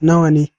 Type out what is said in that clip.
n'abani